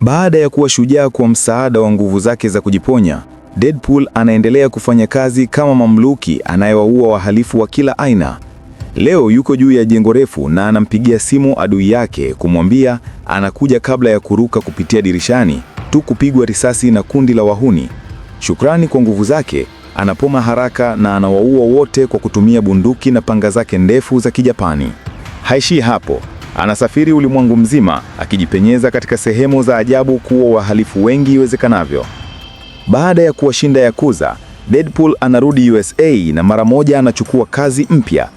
Baada ya kuwa shujaa kwa msaada wa nguvu zake za kujiponya, Deadpool anaendelea kufanya kazi kama mamluki anayewaua wahalifu wa kila aina. Leo yuko juu ya jengo refu na anampigia simu adui yake kumwambia anakuja kabla ya kuruka kupitia dirishani tu kupigwa risasi na kundi la wahuni. Shukrani kwa nguvu zake, anapoma haraka na anawaua wote kwa kutumia bunduki na panga zake ndefu za Kijapani. Haishii hapo. Anasafiri ulimwengu mzima akijipenyeza katika sehemu za ajabu kuwa wahalifu wengi iwezekanavyo. Baada ya kuwashinda Yakuza, Deadpool anarudi USA na mara moja anachukua kazi mpya.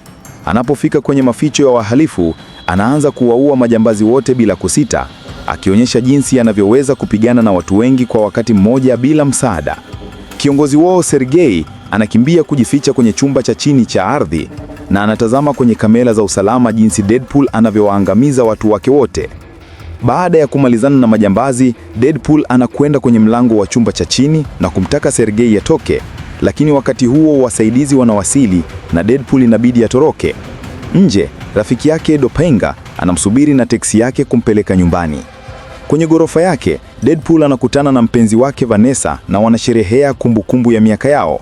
Anapofika kwenye maficho ya wahalifu, anaanza kuwaua majambazi wote bila kusita, akionyesha jinsi anavyoweza kupigana na watu wengi kwa wakati mmoja bila msaada. Kiongozi wao Sergei anakimbia kujificha kwenye chumba cha chini cha ardhi na anatazama kwenye kamera za usalama jinsi Deadpool anavyowaangamiza watu wake wote. Baada ya kumalizana na majambazi, Deadpool anakwenda kwenye mlango wa chumba cha chini na kumtaka Sergei atoke, lakini wakati huo wasaidizi wanawasili na Deadpool inabidi atoroke. Nje, rafiki yake Dopenga anamsubiri na teksi yake kumpeleka nyumbani. Kwenye ghorofa yake, Deadpool anakutana na mpenzi wake Vanessa na wanasherehea kumbukumbu ya miaka yao.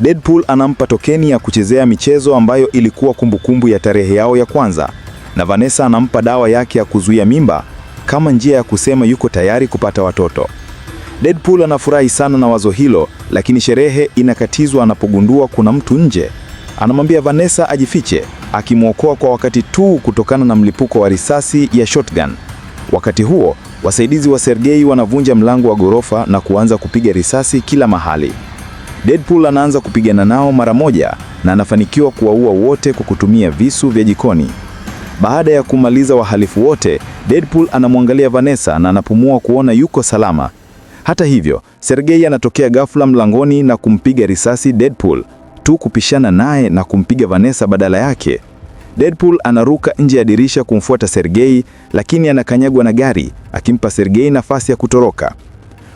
Deadpool anampa tokeni ya kuchezea michezo ambayo ilikuwa kumbukumbu ya tarehe yao ya kwanza, na Vanessa anampa dawa yake ya kuzuia mimba kama njia ya kusema yuko tayari kupata watoto. Deadpool anafurahi sana na wazo hilo, lakini sherehe inakatizwa anapogundua kuna mtu nje. Anamwambia Vanessa ajifiche, akimwokoa kwa wakati tu kutokana na mlipuko wa risasi ya shotgun. Wakati huo, wasaidizi wa Sergei wanavunja mlango wa ghorofa na kuanza kupiga risasi kila mahali. Deadpool anaanza kupigana nao mara moja na anafanikiwa kuwaua wote kwa kutumia visu vya jikoni. Baada ya kumaliza wahalifu wote, Deadpool anamwangalia Vanessa na anapumua kuona yuko salama. Hata hivyo, Sergei anatokea ghafla mlangoni na kumpiga risasi Deadpool tu kupishana naye na kumpiga Vanessa badala yake. Deadpool anaruka nje ya dirisha kumfuata Sergei, lakini anakanyagwa na gari, akimpa Sergei nafasi ya kutoroka.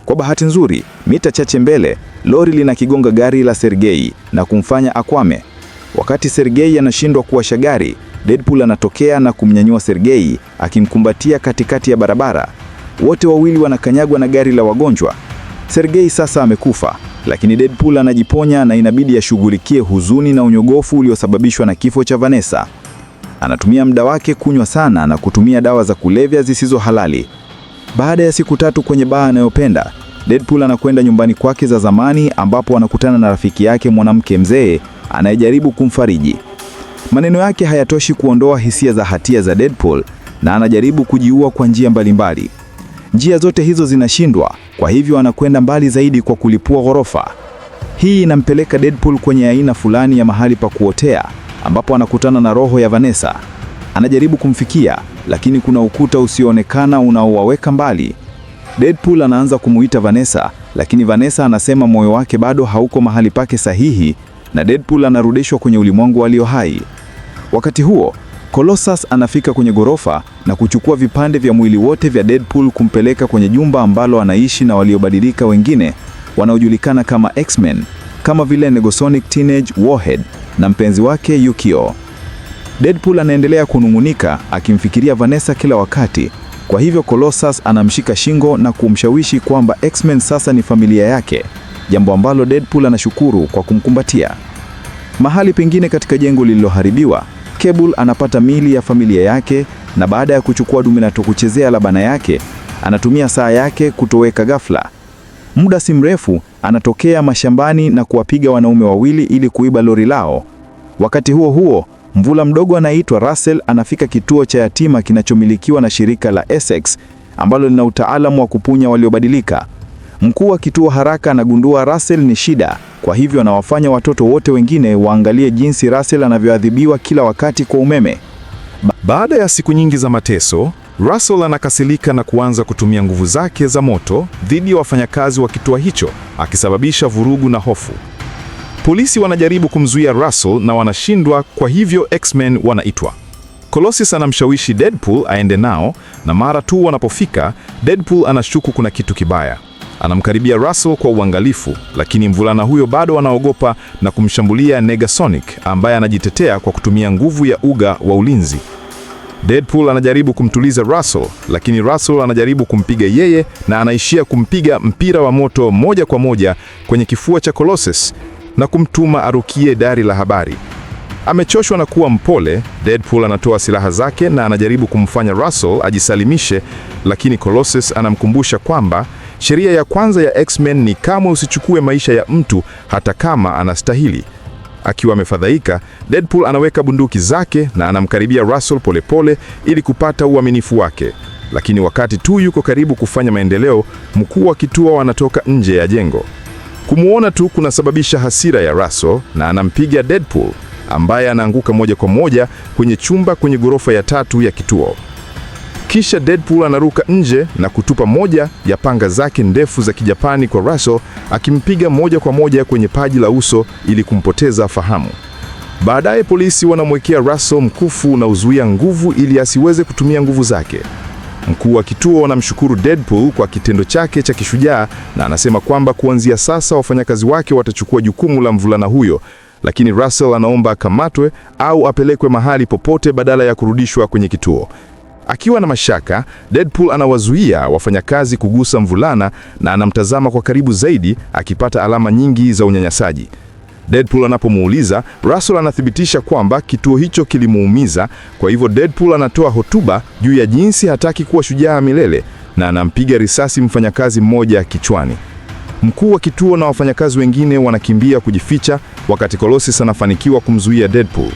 Kwa bahati nzuri, mita chache mbele, lori linakigonga gari la Sergei na kumfanya akwame. Wakati Sergei anashindwa kuwasha gari, Deadpool anatokea na kumnyanyua Sergei akimkumbatia katikati ya barabara. Wote wawili wanakanyagwa na gari la wagonjwa. Sergei sasa amekufa, lakini Deadpool anajiponya na inabidi ashughulikie huzuni na unyogofu uliosababishwa na kifo cha Vanessa. Anatumia muda wake kunywa sana na kutumia dawa za kulevya zisizo halali. Baada ya siku tatu kwenye baa anayopenda, Deadpool anakwenda nyumbani kwake za zamani ambapo anakutana na rafiki yake mwanamke mzee anayejaribu kumfariji. Maneno yake hayatoshi kuondoa hisia za hatia za Deadpool na anajaribu kujiua kwa njia mbalimbali. Njia zote hizo zinashindwa, kwa hivyo anakwenda mbali zaidi kwa kulipua ghorofa. Hii inampeleka Deadpool kwenye aina fulani ya mahali pa kuotea ambapo anakutana na roho ya Vanessa Anajaribu kumfikia, lakini kuna ukuta usioonekana unaowaweka mbali. Deadpool anaanza kumuita Vanessa, lakini Vanessa anasema moyo wake bado hauko mahali pake sahihi, na Deadpool anarudishwa kwenye ulimwengu alio hai. Wakati huo Colossus anafika kwenye ghorofa na kuchukua vipande vya mwili wote vya Deadpool kumpeleka kwenye jumba ambalo anaishi na waliobadilika wengine wanaojulikana kama X-Men, kama vile Negasonic Teenage Warhead na mpenzi wake Yukio. Deadpool anaendelea kunung'unika akimfikiria Vanessa kila wakati. Kwa hivyo Colossus anamshika shingo na kumshawishi kwamba X-Men sasa ni familia yake, jambo ambalo Deadpool anashukuru kwa kumkumbatia. Mahali pengine katika jengo lililoharibiwa, Cable anapata mili ya familia yake na baada ya kuchukua Dominator kuchezea labana yake, anatumia saa yake kutoweka ghafla. Muda si mrefu anatokea mashambani na kuwapiga wanaume wawili ili kuiba lori lao. Wakati huo huo Mvula mdogo anaitwa Russell anafika kituo cha yatima kinachomilikiwa na shirika la Essex ambalo lina utaalamu wa kupunya waliobadilika. Mkuu wa kituo haraka anagundua Russell ni shida, kwa hivyo anawafanya watoto wote wengine waangalie jinsi Russell anavyoadhibiwa kila wakati kwa umeme. Baada ya siku nyingi za mateso, Russell anakasilika na kuanza kutumia nguvu zake za moto dhidi ya wafanyakazi wa kituo hicho, akisababisha vurugu na hofu. Polisi wanajaribu kumzuia Russell na wanashindwa, kwa hivyo X-Men wanaitwa. Colossus anamshawishi Deadpool aende nao, na mara tu wanapofika, Deadpool anashuku kuna kitu kibaya. Anamkaribia Russell kwa uangalifu, lakini mvulana huyo bado anaogopa na kumshambulia Negasonic ambaye anajitetea kwa kutumia nguvu ya uga wa ulinzi. Deadpool anajaribu kumtuliza Russell, lakini Russell anajaribu kumpiga yeye na anaishia kumpiga mpira wa moto moja kwa moja kwenye kifua cha Colossus na kumtuma arukie dari la habari. Amechoshwa na kuwa mpole, Deadpool anatoa silaha zake na anajaribu kumfanya Russell ajisalimishe, lakini Colossus anamkumbusha kwamba sheria ya kwanza ya X-Men ni kamwe usichukue maisha ya mtu hata kama anastahili. Akiwa amefadhaika, Deadpool anaweka bunduki zake na anamkaribia Russell polepole ili kupata uaminifu wake. Lakini wakati tu yuko karibu kufanya maendeleo, mkuu wa kituo anatoka nje ya jengo. Kumwona tu kunasababisha hasira ya raso na anampiga Deadpool ambaye anaanguka moja kwa moja kwenye chumba kwenye ghorofa ya tatu ya kituo. Kisha Deadpool anaruka nje na kutupa moja ya panga zake ndefu za Kijapani kwa raso akimpiga moja kwa moja kwenye paji la uso ili kumpoteza fahamu. Baadaye polisi wanamwekea raso mkufu unaozuia nguvu ili asiweze kutumia nguvu zake. Mkuu wa kituo anamshukuru Deadpool kwa kitendo chake cha kishujaa na anasema kwamba kuanzia sasa wafanyakazi wake watachukua jukumu la mvulana huyo, lakini Russell anaomba akamatwe au apelekwe mahali popote badala ya kurudishwa kwenye kituo. Akiwa na mashaka, Deadpool anawazuia wafanyakazi kugusa mvulana na anamtazama kwa karibu zaidi akipata alama nyingi za unyanyasaji. Deadpool anapomuuliza, Russell anathibitisha kwamba kituo hicho kilimuumiza. Kwa hivyo Deadpool anatoa hotuba juu ya jinsi hataki kuwa shujaa milele na anampiga risasi mfanyakazi mmoja kichwani. Mkuu wa kituo na wafanyakazi wengine wanakimbia kujificha, wakati Colossus anafanikiwa kumzuia Deadpool.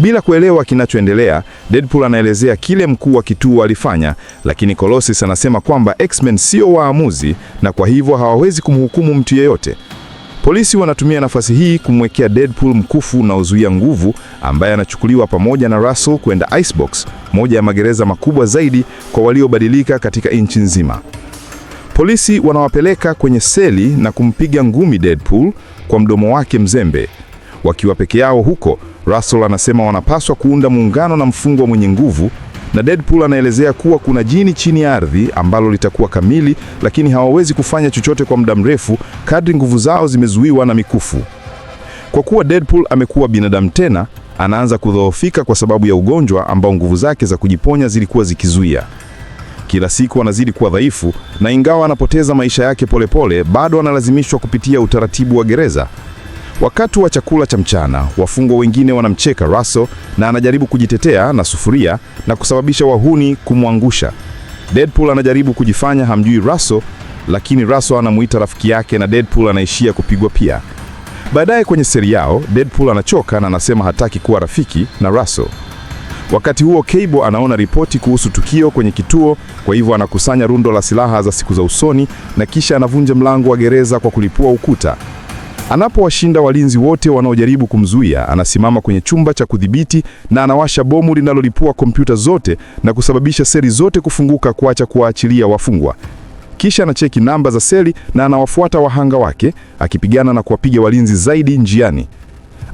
Bila kuelewa kinachoendelea, Deadpool anaelezea kile mkuu wa kituo alifanya, lakini Colossus anasema kwamba X-Men sio waamuzi na kwa hivyo hawawezi kumhukumu mtu yeyote. Polisi wanatumia nafasi hii kumwekea Deadpool mkufu unaozuia nguvu, ambaye anachukuliwa pamoja na Russell kwenda Icebox, moja ya magereza makubwa zaidi kwa waliobadilika katika nchi nzima. Polisi wanawapeleka kwenye seli na kumpiga ngumi Deadpool kwa mdomo wake mzembe. Wakiwa peke yao huko, Russell anasema wanapaswa kuunda muungano na mfungwa mwenye nguvu na Deadpool anaelezea kuwa kuna jini chini ya ardhi ambalo litakuwa kamili, lakini hawawezi kufanya chochote kwa muda mrefu kadri nguvu zao zimezuiwa na mikufu. Kwa kuwa Deadpool amekuwa binadamu tena, anaanza kudhoofika kwa sababu ya ugonjwa ambao nguvu zake za kujiponya zilikuwa zikizuia. Kila siku anazidi kuwa dhaifu, na ingawa anapoteza maisha yake polepole pole, bado analazimishwa kupitia utaratibu wa gereza Wakati wa chakula cha mchana, wafungwa wengine wanamcheka Russell na anajaribu kujitetea na sufuria na kusababisha wahuni kumwangusha. Deadpool anajaribu kujifanya hamjui Russell, lakini Russell anamuita rafiki yake na Deadpool anaishia kupigwa pia. Baadaye kwenye seri yao, Deadpool anachoka na anasema hataki kuwa rafiki na Russell. Wakati huo Cable anaona ripoti kuhusu tukio kwenye kituo, kwa hivyo anakusanya rundo la silaha za siku za usoni na kisha anavunja mlango wa gereza kwa kulipua ukuta. Anapowashinda walinzi wote wanaojaribu kumzuia, anasimama kwenye chumba cha kudhibiti na anawasha bomu linalolipua kompyuta zote na kusababisha seli zote kufunguka, kuacha kuwaachilia wafungwa. Kisha anacheki namba za seli na anawafuata wahanga wake, akipigana na kuwapiga walinzi zaidi njiani.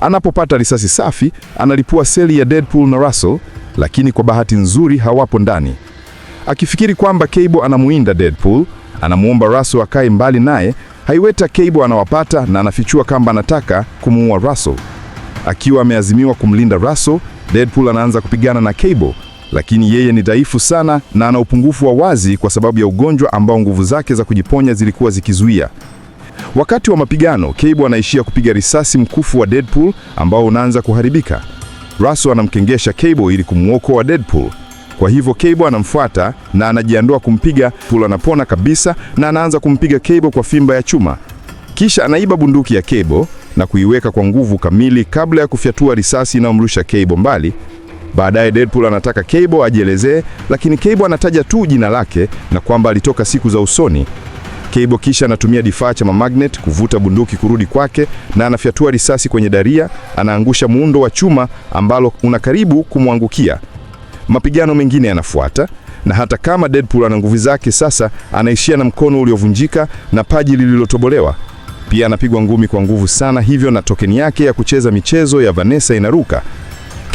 Anapopata risasi safi, analipua seli ya Deadpool na Russell, lakini kwa bahati nzuri hawapo ndani. Akifikiri kwamba Cable anamuinda Deadpool Anamwomba Russell akae mbali naye. Haiweta Cable anawapata na anafichua kamba anataka kumuua Russell. Akiwa ameazimiwa kumlinda Russell, Deadpool anaanza kupigana na Cable, lakini yeye ni dhaifu sana na ana upungufu wa wazi kwa sababu ya ugonjwa ambao nguvu zake za kujiponya zilikuwa zikizuia. Wakati wa mapigano, Cable anaishia kupiga risasi mkufu wa Deadpool ambao unaanza kuharibika. Russell anamkengesha Cable ili kumwokoa Deadpool. Kwa hivyo Cable anamfuata na anajiandoa kumpiga. Pula anapona kabisa na anaanza kumpiga Cable kwa fimba ya chuma, kisha anaiba bunduki ya Cable na kuiweka kwa nguvu kamili kabla ya kufyatua risasi inayomrusha Cable mbali. Baadaye Deadpool anataka Cable ajielezee, lakini Cable anataja tu jina lake na kwamba alitoka siku za usoni. Cable kisha anatumia difaa cha magnet kuvuta bunduki kurudi kwake na anafyatua risasi kwenye daria, anaangusha muundo wa chuma ambalo unakaribu kumwangukia mapigano mengine yanafuata, na hata kama Deadpool ana nguvu zake sasa, anaishia na mkono uliovunjika na paji lililotobolewa. Pia anapigwa ngumi kwa nguvu sana, hivyo na tokeni yake ya kucheza michezo ya Vanessa inaruka.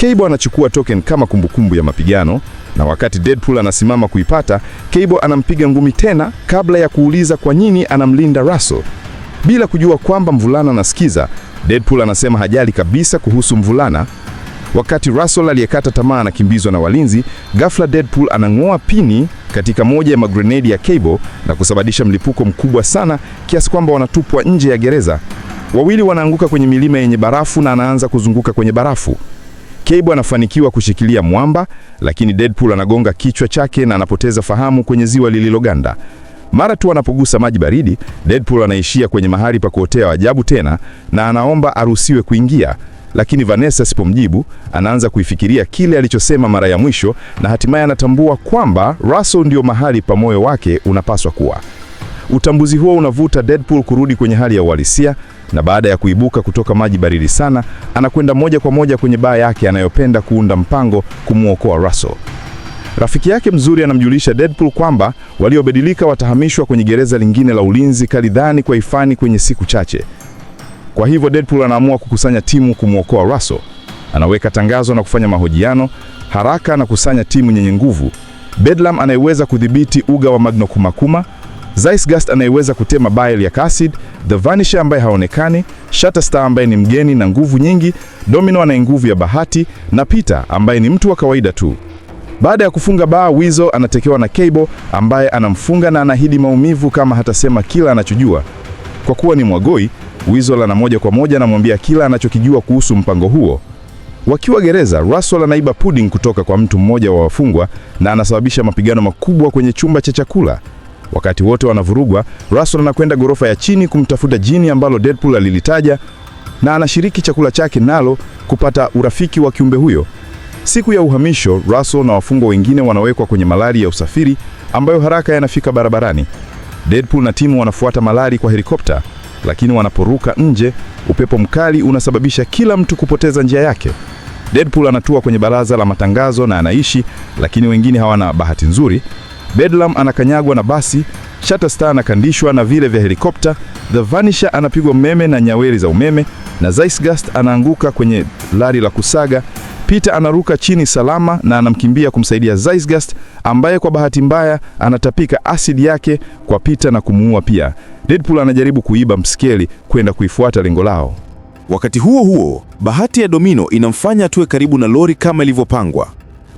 Cable anachukua token kama kumbukumbu ya mapigano, na wakati Deadpool anasimama kuipata, Cable anampiga ngumi tena kabla ya kuuliza kwa nini anamlinda Russell. Bila kujua kwamba mvulana anasikiza, Deadpool anasema hajali kabisa kuhusu mvulana. Wakati Russell aliyekata tamaa anakimbizwa na walinzi, ghafla Deadpool anang'oa pini katika moja ya magrenedi ya Cable na kusababisha mlipuko mkubwa sana kiasi kwamba wanatupwa nje ya gereza. Wawili wanaanguka kwenye milima yenye barafu na anaanza kuzunguka kwenye barafu. Cable anafanikiwa kushikilia mwamba, lakini Deadpool anagonga kichwa chake na anapoteza fahamu kwenye ziwa lililoganda. Mara tu anapogusa maji baridi, Deadpool anaishia kwenye mahali pa kuotea ajabu tena na anaomba aruhusiwe kuingia lakini Vanessa asipomjibu anaanza kuifikiria kile alichosema mara ya mwisho, na hatimaye anatambua kwamba Russell ndio mahali pa moyo wake unapaswa kuwa. Utambuzi huo unavuta Deadpool kurudi kwenye hali ya uhalisia, na baada ya kuibuka kutoka maji baridi sana, anakwenda moja kwa moja kwenye baa yake anayopenda kuunda mpango kumwokoa Russell. Rafiki yake mzuri anamjulisha Deadpool kwamba waliobadilika watahamishwa kwenye gereza lingine la ulinzi kalidhani kwa ifani kwenye siku chache. Kwa hivyo Deadpool anaamua kukusanya timu kumwokoa Russell. Anaweka tangazo na kufanya mahojiano haraka na kusanya timu yenye nguvu. Bedlam anayeweza kudhibiti uga wa Magno Kumakuma, Zeitgeist anayeweza kutema Bile ya acid, The Vanisher ambaye haonekani, Shatterstar ambaye ni mgeni na nguvu nyingi, Domino anaye nguvu ya bahati na Peter ambaye ni mtu wa kawaida tu. Baada ya kufunga baa, wizo anatekewa na Cable ambaye anamfunga na anaahidi maumivu kama hatasema kila anachojua. Kwa kuwa ni mwagoi, Wizola na moja kwa moja anamwambia kila anachokijua kuhusu mpango huo. Wakiwa gereza, Russell anaiba pudding kutoka kwa mtu mmoja wa wafungwa na anasababisha mapigano makubwa kwenye chumba cha chakula. Wakati wote wanavurugwa, Russell anakwenda ghorofa ya chini kumtafuta jini ambalo Deadpool alilitaja na anashiriki chakula chake nalo kupata urafiki wa kiumbe huyo. Siku ya uhamisho, Russell na wafungwa wengine wanawekwa kwenye malari ya usafiri ambayo haraka yanafika barabarani. Deadpool na timu wanafuata malari kwa helikopta lakini wanaporuka nje, upepo mkali unasababisha kila mtu kupoteza njia yake. Deadpool anatua kwenye baraza la matangazo na anaishi, lakini wengine hawana bahati nzuri. Bedlam anakanyagwa na basi, Shatterstar anakandishwa na vile vya helikopta, The Vanisher anapigwa meme na nyaweli za umeme, na Zeitgeist anaanguka kwenye lari la kusaga Peter anaruka chini salama na anamkimbia kumsaidia Zeitgeist ambaye kwa bahati mbaya anatapika asidi yake kwa Peter na kumuua pia. Deadpool anajaribu kuiba mskeli kwenda kuifuata lengo lao. Wakati huo huo, bahati ya Domino inamfanya atue karibu na lori kama ilivyopangwa.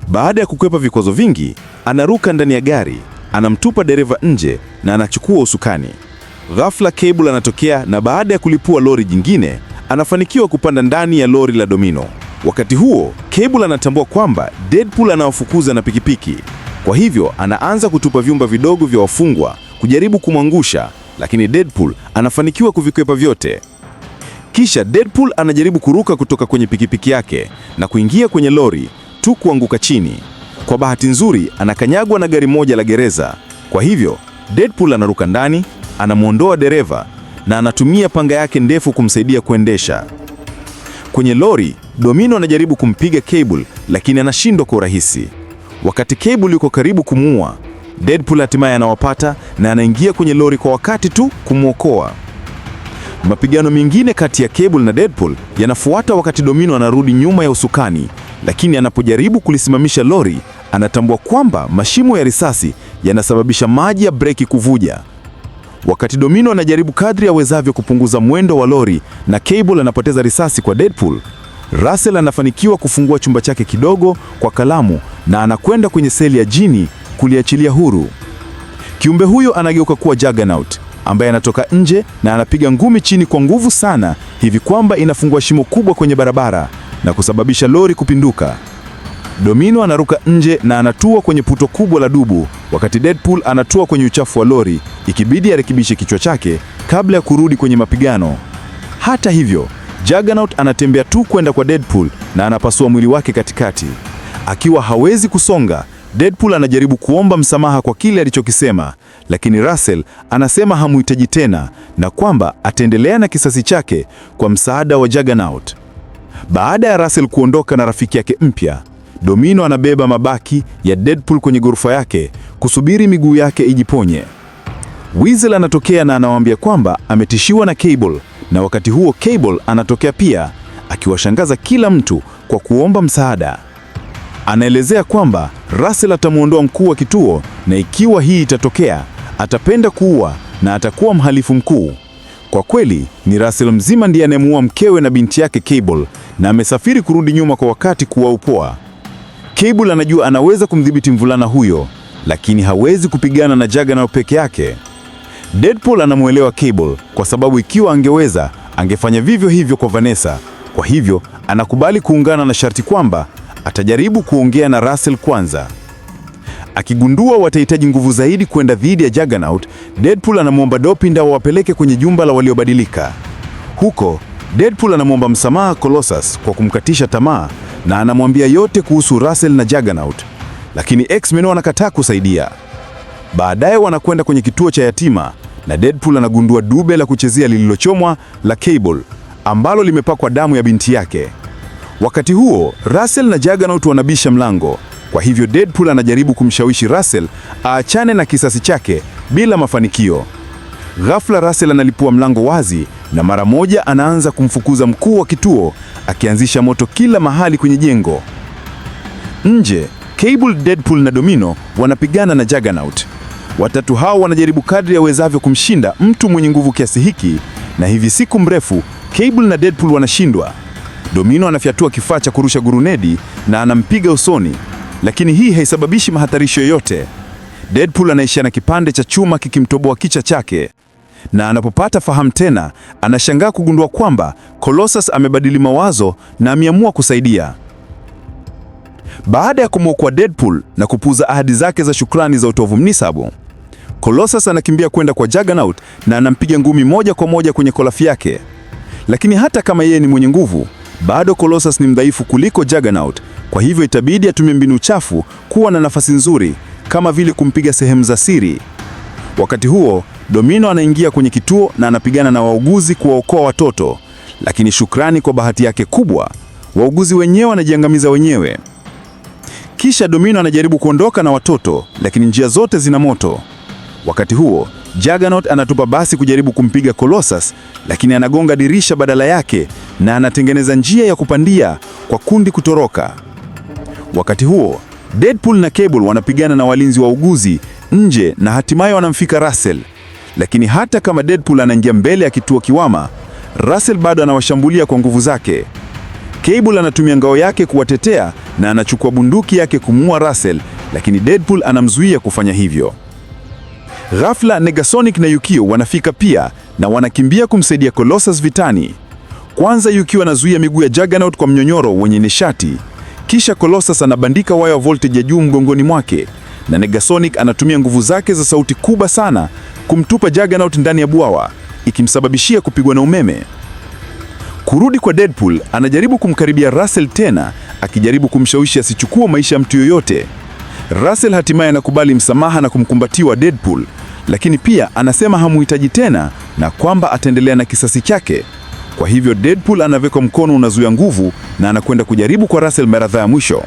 Baada ya kukwepa vikwazo vingi, anaruka ndani ya gari, anamtupa dereva nje na anachukua usukani. Ghafla Cable anatokea na baada ya kulipua lori jingine, anafanikiwa kupanda ndani ya lori la Domino. Wakati huo Cable anatambua kwamba Deadpool anawafukuza na pikipiki, kwa hivyo anaanza kutupa vyumba vidogo vya wafungwa kujaribu kumwangusha, lakini Deadpool anafanikiwa kuvikwepa vyote. Kisha Deadpool anajaribu kuruka kutoka kwenye pikipiki yake na kuingia kwenye lori tu kuanguka chini. Kwa bahati nzuri, anakanyagwa na gari moja la gereza. Kwa hivyo Deadpool anaruka ndani, anamwondoa dereva na anatumia panga yake ndefu kumsaidia kuendesha. Kwenye lori Domino anajaribu kumpiga Cable lakini anashindwa kwa urahisi. Wakati Cable yuko karibu kumuua, Deadpool hatimaye anawapata na anaingia kwenye lori kwa wakati tu kumwokoa. Mapigano mengine kati ya Cable na Deadpool yanafuata wakati Domino anarudi nyuma ya usukani, lakini anapojaribu kulisimamisha lori, anatambua kwamba mashimo ya risasi yanasababisha maji ya breki kuvuja. Wakati Domino anajaribu kadri awezavyo kupunguza mwendo wa lori na Cable anapoteza risasi kwa Deadpool, Russell anafanikiwa kufungua chumba chake kidogo kwa kalamu na anakwenda kwenye seli ya jini kuliachilia huru. Kiumbe huyo anageuka kuwa Juggernaut ambaye anatoka nje na anapiga ngumi chini kwa nguvu sana hivi kwamba inafungua shimo kubwa kwenye barabara na kusababisha lori kupinduka. Domino anaruka nje na anatua kwenye puto kubwa la dubu, wakati Deadpool anatua kwenye uchafu wa lori, ikibidi arekebishe kichwa chake kabla ya kurudi kwenye mapigano. Hata hivyo Juggernaut anatembea tu kwenda kwa Deadpool na anapasua mwili wake katikati. Akiwa hawezi kusonga, Deadpool anajaribu kuomba msamaha kwa kile alichokisema, lakini Russell anasema hamuhitaji tena na kwamba ataendelea na kisasi chake kwa msaada wa Juggernaut. Baada ya Russell kuondoka na rafiki yake mpya, Domino anabeba mabaki ya Deadpool kwenye ghorofa yake kusubiri miguu yake ijiponye. Weasel anatokea na anawaambia kwamba ametishiwa na Cable na wakati huo Cable anatokea pia akiwashangaza kila mtu kwa kuomba msaada. Anaelezea kwamba Russell atamwondoa mkuu wa kituo na ikiwa hii itatokea, atapenda kuua na atakuwa mhalifu mkuu. Kwa kweli ni Russell mzima ndiye anayemuua mkewe na binti yake Cable, na amesafiri kurudi nyuma kwa wakati kuwaokoa. Cable anajua anaweza kumdhibiti mvulana huyo, lakini hawezi kupigana na Juggernaut peke yake. Deadpool anamwelewa Cable kwa sababu ikiwa angeweza angefanya vivyo hivyo kwa Vanessa. Kwa hivyo anakubali kuungana na sharti kwamba atajaribu kuongea na Russell kwanza. Akigundua watahitaji nguvu zaidi kwenda dhidi ya Juggernaut, Deadpool anamwomba Dopinda wawapeleke kwenye jumba la waliobadilika. Huko Deadpool anamwomba msamaha Colossus kwa kumkatisha tamaa na anamwambia yote kuhusu Russell na Juggernaut, lakini X-Men wanakataa kusaidia. Baadaye wanakwenda kwenye kituo cha yatima na Deadpool anagundua dube la kuchezea lililochomwa la Cable ambalo limepakwa damu ya binti yake. Wakati huo Russell na Juggernaut wanabisha mlango, kwa hivyo Deadpool anajaribu kumshawishi Russell aachane na kisasi chake bila mafanikio. Ghafla Russell analipua mlango wazi na mara moja anaanza kumfukuza mkuu wa kituo, akianzisha moto kila mahali kwenye jengo. Nje, Cable, Deadpool na Domino wanapigana na Juggernaut. Watatu hao wanajaribu kadri yawezavyo kumshinda mtu mwenye nguvu kiasi hiki, na hivi siku mrefu Cable na Deadpool wanashindwa. Domino anafyatua kifaa cha kurusha gurunedi na anampiga usoni, lakini hii haisababishi mahatarisho yoyote. Deadpool anaishia na kipande cha chuma kikimtoboa kicha chake, na anapopata fahamu tena anashangaa kugundua kwamba Colossus amebadili mawazo na ameamua kusaidia. Baada ya kumwokoa Deadpool na kupuuza ahadi zake za shukrani za utovu mnisabu, Colossus anakimbia kwenda kwa Juggernaut na anampiga ngumi moja kwa moja kwenye kolafi yake. Lakini hata kama yeye ni mwenye nguvu, bado Colossus ni mdhaifu kuliko Juggernaut, kwa hivyo itabidi atumie mbinu chafu kuwa na nafasi nzuri, kama vile kumpiga sehemu za siri. Wakati huo, Domino anaingia kwenye kituo na anapigana na wauguzi kuwaokoa watoto, lakini shukrani kwa bahati yake kubwa, wauguzi wenyewe wanajiangamiza wenyewe. Kisha Domino anajaribu kuondoka na watoto, lakini njia zote zina moto. Wakati huo Juggernaut anatupa basi kujaribu kumpiga Colossus, lakini anagonga dirisha badala yake na anatengeneza njia ya kupandia kwa kundi kutoroka. Wakati huo Deadpool na Cable wanapigana na walinzi wa uguzi nje na hatimaye wanamfika Russell. Lakini hata kama Deadpool anaingia mbele ya kituo kiwama, Russell bado anawashambulia kwa nguvu zake. Cable anatumia ngao yake kuwatetea na anachukua bunduki yake kumuua Russell, lakini Deadpool anamzuia kufanya hivyo. Ghafla Negasonic na Yukio wanafika pia na wanakimbia kumsaidia Colossus vitani. Kwanza Yukio anazuia miguu ya Juggernaut kwa mnyonyoro wenye nishati, kisha Colossus anabandika waya wa voltage ya juu mgongoni mwake na Negasonic anatumia nguvu zake za sauti kubwa sana kumtupa Juggernaut ndani ya bwawa, ikimsababishia kupigwa na umeme. Kurudi kwa Deadpool, anajaribu kumkaribia Russell tena, akijaribu kumshawishi asichukue maisha ya mtu yoyote. Russell hatimaye anakubali msamaha na kumkumbatiwa Deadpool lakini pia anasema hamuhitaji tena na kwamba ataendelea na kisasi chake. Kwa hivyo Deadpool anawekwa mkono unazuia nguvu na anakwenda kujaribu kwa Russell mara ya mwisho.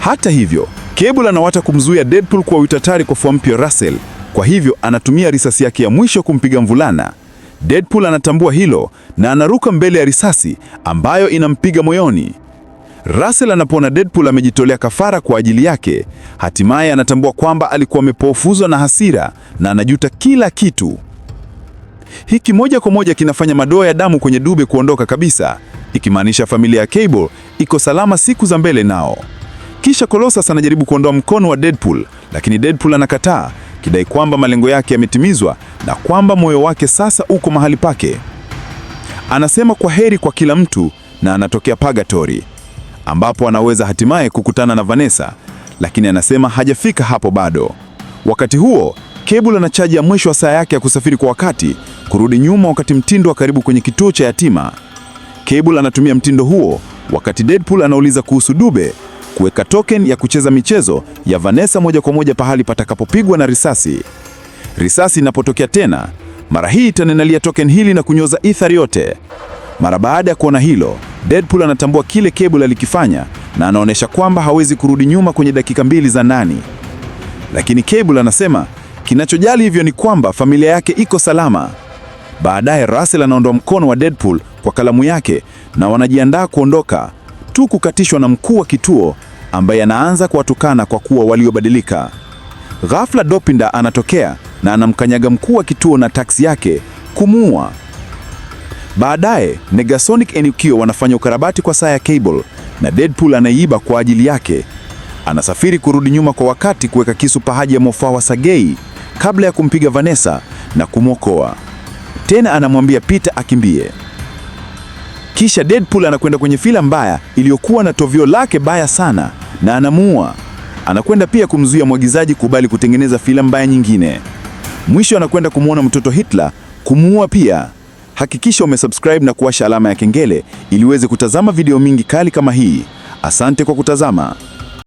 Hata hivyo, Cable anawata kumzuia Deadpool kwa uitatari kwa fua mpya Russell. Kwa hivyo anatumia risasi yake ya mwisho kumpiga mvulana. Deadpool anatambua hilo na anaruka mbele ya risasi ambayo inampiga moyoni. Russell anapoona Deadpool amejitolea kafara kwa ajili yake, hatimaye anatambua kwamba alikuwa amepofuzwa na hasira na anajuta kila kitu. Hiki moja kwa moja kinafanya madoa ya damu kwenye Dube kuondoka kabisa, ikimaanisha familia ya Cable iko salama siku za mbele nao. Kisha Colossus anajaribu kuondoa mkono wa Deadpool, lakini Deadpool anakataa, kidai kwamba malengo yake yametimizwa na kwamba moyo wake sasa uko mahali pake. Anasema kwa heri kwa kila mtu na anatokea pagatori ambapo anaweza hatimaye kukutana na Vanessa, lakini anasema hajafika hapo bado. Wakati huo Cable anachaji ya mwisho wa saa yake ya kusafiri kwa wakati kurudi nyuma, wakati mtindo wa karibu kwenye kituo cha yatima. Cable anatumia mtindo huo wakati Deadpool anauliza kuhusu Dube kuweka token ya kucheza michezo ya Vanessa moja kwa moja pahali patakapopigwa na risasi. Risasi inapotokea tena, mara hii itanenalia token hili na kunyoza ether yote. Mara baada ya kuona hilo Deadpool anatambua kile Cable alikifanya na anaonyesha kwamba hawezi kurudi nyuma kwenye dakika mbili za ndani, lakini Cable anasema kinachojali hivyo ni kwamba familia yake iko salama. Baadaye Russell anaondoa mkono wa Deadpool kwa kalamu yake na wanajiandaa kuondoka tu kukatishwa na mkuu wa kituo ambaye anaanza kuwatukana kwa kuwa waliobadilika. Ghafla Dopinda anatokea na anamkanyaga mkuu wa kituo na taksi yake kumuua. Baadaye Negasonic NQ wanafanya ukarabati kwa saa ya Cable na Deadpool anaiiba kwa ajili yake. Anasafiri kurudi nyuma kwa wakati kuweka kisu pahaji ya mofawa Sagei kabla ya kumpiga Vanessa na kumwokoa. Tena anamwambia Peter akimbie. Kisha Deadpool anakwenda kwenye fila mbaya iliyokuwa na tovyo lake baya sana na anamuua. Anakwenda pia kumzuia mwagizaji kubali kutengeneza fila mbaya nyingine. Mwisho anakwenda kumwona mtoto Hitler, kumuua pia. Hakikisha umesubscribe na kuwasha alama ya kengele ili uweze kutazama video mingi kali kama hii. Asante kwa kutazama.